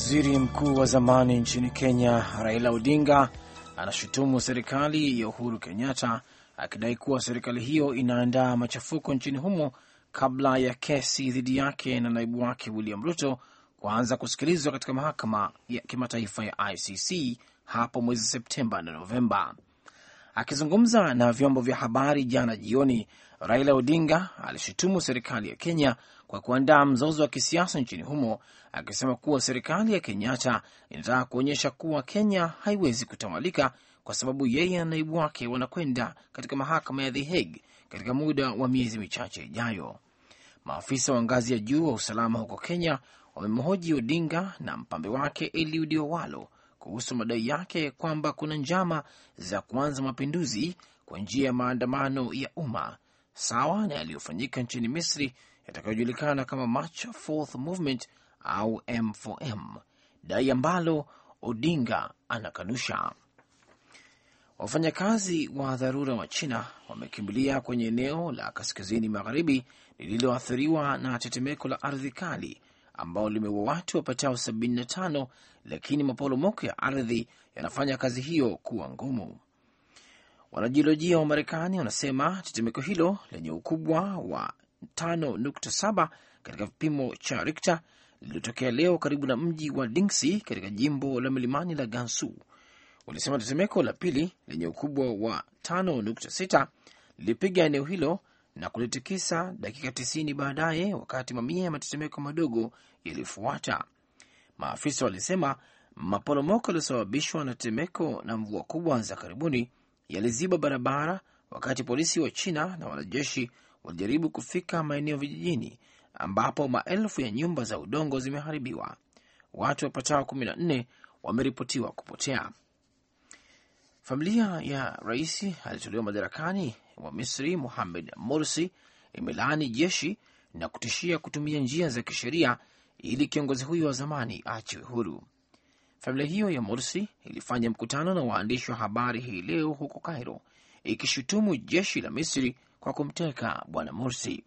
Waziri mkuu wa zamani nchini Kenya Raila Odinga anashutumu serikali ya Uhuru Kenyatta akidai kuwa serikali hiyo inaandaa machafuko nchini humo kabla ya kesi dhidi yake na naibu wake William Ruto kuanza kusikilizwa katika mahakama ya kimataifa ya ICC hapo mwezi Septemba na Novemba. Akizungumza na vyombo vya habari jana jioni, Raila Odinga alishutumu serikali ya Kenya kwa kuandaa mzozo wa kisiasa nchini humo, akisema kuwa serikali ya Kenyatta inataka kuonyesha kuwa Kenya haiwezi kutawalika kwa sababu yeye na naibu wake wanakwenda katika mahakama ya The Hague katika muda wa miezi michache ijayo. Maafisa wa ngazi ya juu wa usalama huko Kenya wamemhoji Odinga na mpambe wake Eliudi Owalo kuhusu madai yake kwamba kuna njama za kuanza mapinduzi kwa njia ya maandamano ya umma sawa na yaliyofanyika nchini Misri yatakayojulikana kama March Fourth Movement au M4M, dai ambalo Odinga anakanusha. Wafanyakazi wa dharura wa China wamekimbilia kwenye eneo la kaskazini magharibi lililoathiriwa na tetemeko la ardhi kali ambao limeua watu wapatao 75 lakini maporomoko ya ardhi yanafanya kazi hiyo kuwa ngumu. Wanajiolojia wa Marekani wanasema tetemeko hilo lenye ukubwa wa 5.7 katika kipimo cha Richter lililotokea leo karibu na mji wa Dingsi katika jimbo la milimani la Gansu. Walisema tetemeko la pili lenye ukubwa wa 5.6 lilipiga eneo hilo na kulitikisa dakika tisini baadaye, wakati mamia ya matetemeko madogo yalifuata. Maafisa walisema maporomoko yaliyosababishwa na tetemeko na mvua kubwa za karibuni yaliziba barabara, wakati polisi wa China na wanajeshi walijaribu kufika maeneo vijijini ambapo maelfu ya nyumba za udongo zimeharibiwa. Watu wapatao kumi na nne wameripotiwa kupotea. Familia ya rais alitolewa madarakani wa Misri muhamed Morsi imelaani jeshi na kutishia kutumia njia za kisheria ili kiongozi huyo wa zamani aachiwe huru. Familia hiyo ya Morsi ilifanya mkutano na waandishi wa habari hii leo huko Cairo, ikishutumu jeshi la Misri kwa kumteka bwana Morsi.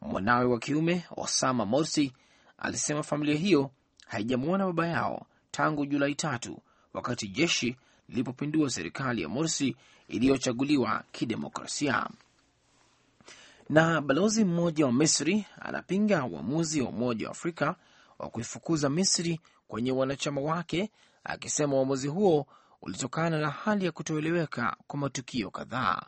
Mwanawe wa kiume Osama Morsi alisema familia hiyo haijamwona baba yao tangu Julai tatu, wakati jeshi lilipopindua serikali ya Morsi iliyochaguliwa kidemokrasia. Na balozi mmoja wa Misri anapinga uamuzi wa Umoja wa Afrika wa kuifukuza Misri kwenye wanachama wake, akisema uamuzi huo ulitokana na hali ya kutoeleweka kwa matukio kadhaa.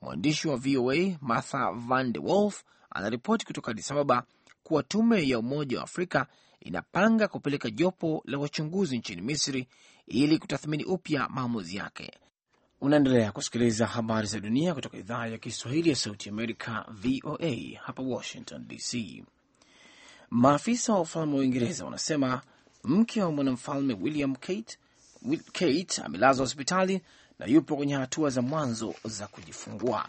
Mwandishi wa VOA Martha Van de Wolf anaripoti kutoka Addis Ababa kuwa tume ya Umoja wa Afrika inapanga kupeleka jopo la wachunguzi nchini Misri ili kutathmini upya maamuzi yake. Unaendelea kusikiliza habari za dunia kutoka idhaa ya Kiswahili ya Sauti Amerika, VOA hapa Washington DC. Maafisa wa ufalme wa Uingereza wanasema mke wa mwanamfalme William Kate, Kate amelazwa hospitali na yupo kwenye hatua za mwanzo za kujifungua.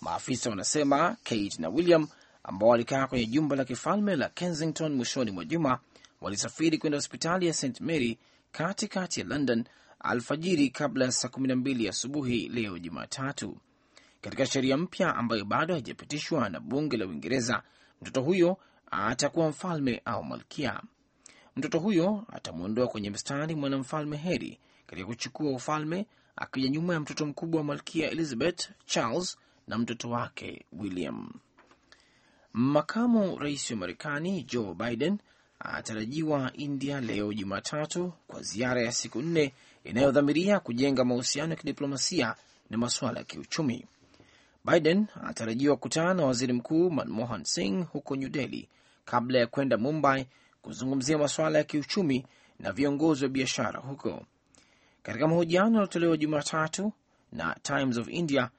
Maafisa wanasema Kate na William ambao walikaa kwenye jumba la kifalme la Kensington mwishoni mwa juma walisafiri kwenda hospitali ya St Mary katikati kati ya London alfajiri kabla ya saa 12 asubuhi leo Jumatatu. Katika sheria mpya ambayo bado haijapitishwa na bunge la Uingereza, mtoto huyo atakuwa mfalme au malkia. Mtoto huyo atamwondoa kwenye mstari mwanamfalme Heri katika kuchukua ufalme, akija nyuma ya mtoto mkubwa wa malkia Elizabeth, Charles na mtoto wake William. Makamu rais wa Marekani Joe Biden anatarajiwa India leo Jumatatu kwa ziara ya siku nne inayodhamiria kujenga mahusiano ya kidiplomasia na masuala ya kiuchumi. Biden anatarajiwa kukutana na waziri mkuu Manmohan Singh huko New Delhi kabla ya kwenda Mumbai kuzungumzia masuala ya kiuchumi na viongozi wa biashara huko. Katika mahojiano yaliyotolewa Jumatatu na Times of India,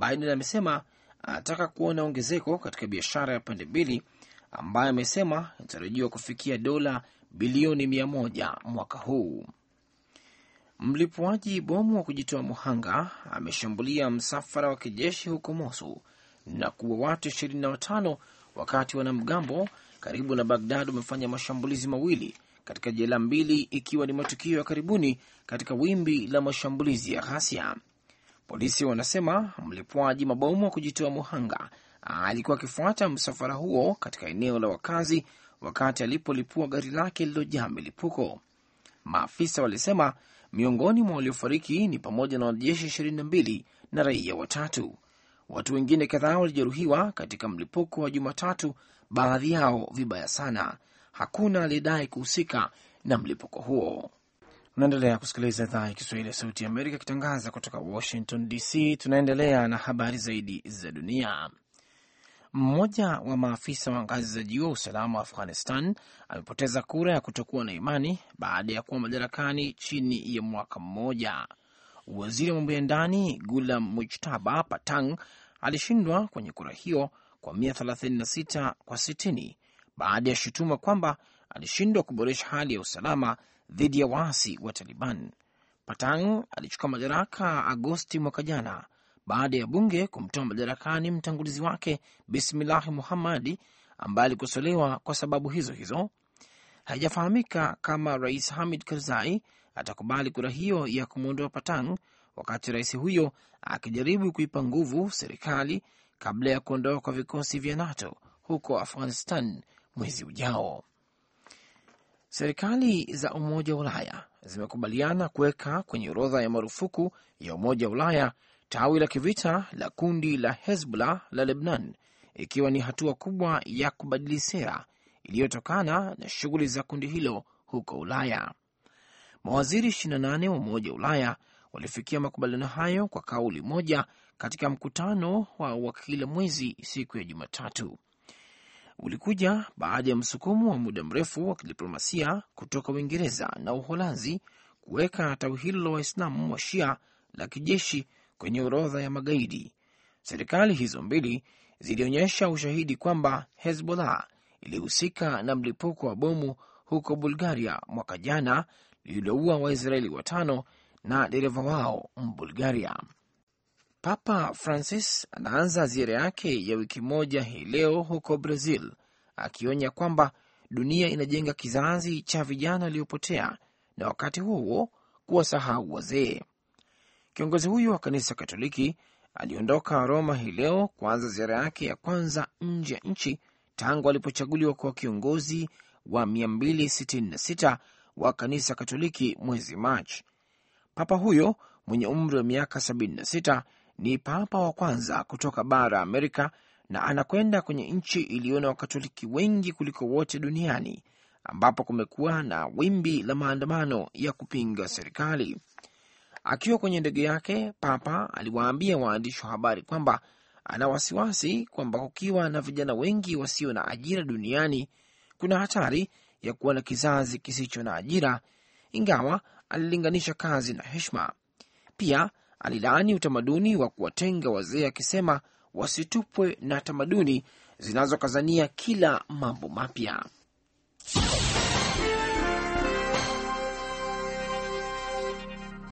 Biden amesema anataka kuona ongezeko katika biashara ya pande mbili ambayo amesema inatarajiwa kufikia dola bilioni mia moja mwaka huu. Mlipuaji bomu wa kujitoa muhanga ameshambulia msafara wa kijeshi huko Mosul na kuwa watu ishirini na watano wakati wanamgambo karibu na Bagdad wamefanya mashambulizi mawili katika jela mbili, ikiwa ni matukio ya karibuni katika wimbi la mashambulizi ya ghasia. Polisi wanasema mlipuaji mabomu wa kujitoa muhanga Ah, alikuwa akifuata msafara huo katika eneo la wakazi wakati alipolipua gari lake lililojaa milipuko. Maafisa walisema miongoni mwa waliofariki ni pamoja na wanajeshi ishirini na mbili na raia watatu. Watu wengine kadhaa walijeruhiwa katika mlipuko wa Jumatatu, baadhi yao vibaya sana. Hakuna aliyedai kuhusika na mlipuko huo. Unaendelea kusikiliza idhaa ya Kiswahili ya Sauti ya Amerika ikitangaza kutoka Washington DC. Tunaendelea na habari zaidi za dunia. Mmoja wa maafisa wa ngazi za juu wa usalama wa Afghanistan amepoteza kura ya kutokuwa na imani baada ya kuwa madarakani chini ya mwaka mmoja. Waziri wa mambo ya ndani Gulam Mujtaba Patang alishindwa kwenye kura hiyo kwa 136 kwa 60 baada ya shutuma kwamba alishindwa kuboresha hali ya usalama dhidi ya waasi wa Taliban. Patang alichukua madaraka Agosti mwaka jana baada ya bunge kumtoa madarakani mtangulizi wake Bismillahi Muhammadi ambaye alikosolewa kwa sababu hizo hizo. Haijafahamika kama Rais Hamid Karzai atakubali kura hiyo ya kumwondoa Patang, wakati rais huyo akijaribu kuipa nguvu serikali kabla ya kuondoa kwa vikosi vya NATO huko Afghanistan mwezi ujao. Serikali za Umoja wa Ulaya zimekubaliana kuweka kwenye orodha ya marufuku ya Umoja wa Ulaya tawi la kivita la kundi la Hezbollah la Lebnan, ikiwa ni hatua kubwa ya kubadili sera iliyotokana na shughuli za kundi hilo huko Ulaya. Mawaziri 28 wa Umoja wa Ulaya walifikia makubaliano hayo kwa kauli moja katika mkutano wa wakila mwezi siku ya Jumatatu. Ulikuja baada ya msukumo wa muda mrefu wa kidiplomasia kutoka Uingereza na Uholanzi kuweka tawi hilo la Waislamu wa Shia la kijeshi kwenye orodha ya magaidi. Serikali hizo mbili zilionyesha ushahidi kwamba Hezbollah ilihusika na mlipuko wa bomu huko Bulgaria mwaka jana lililoua Waisraeli watano na dereva wao Mbulgaria. Papa Francis anaanza ziara yake ya wiki moja hii leo huko Brazil, akionya kwamba dunia inajenga kizazi cha vijana waliopotea na wakati huo huo kuwasahau wazee. Kiongozi huyo wa kanisa Katoliki aliondoka Roma hii leo kuanza ziara yake ya kwanza nje ya nchi tangu alipochaguliwa kuwa kiongozi wa 266 wa kanisa Katoliki mwezi Machi. Papa huyo mwenye umri wa miaka 76 ni papa wa kwanza kutoka bara Amerika na anakwenda kwenye nchi iliyo na Wakatoliki wengi kuliko wote duniani ambapo kumekuwa na wimbi la maandamano ya kupinga serikali. Akiwa kwenye ndege yake, Papa aliwaambia waandishi wa habari kwamba ana wasiwasi kwamba kukiwa na vijana wengi wasio na ajira duniani kuna hatari ya kuwa na kizazi kisicho na ajira, ingawa alilinganisha kazi na heshima. Pia alilaani utamaduni wa kuwatenga wazee, akisema wasitupwe na tamaduni zinazokazania kila mambo mapya.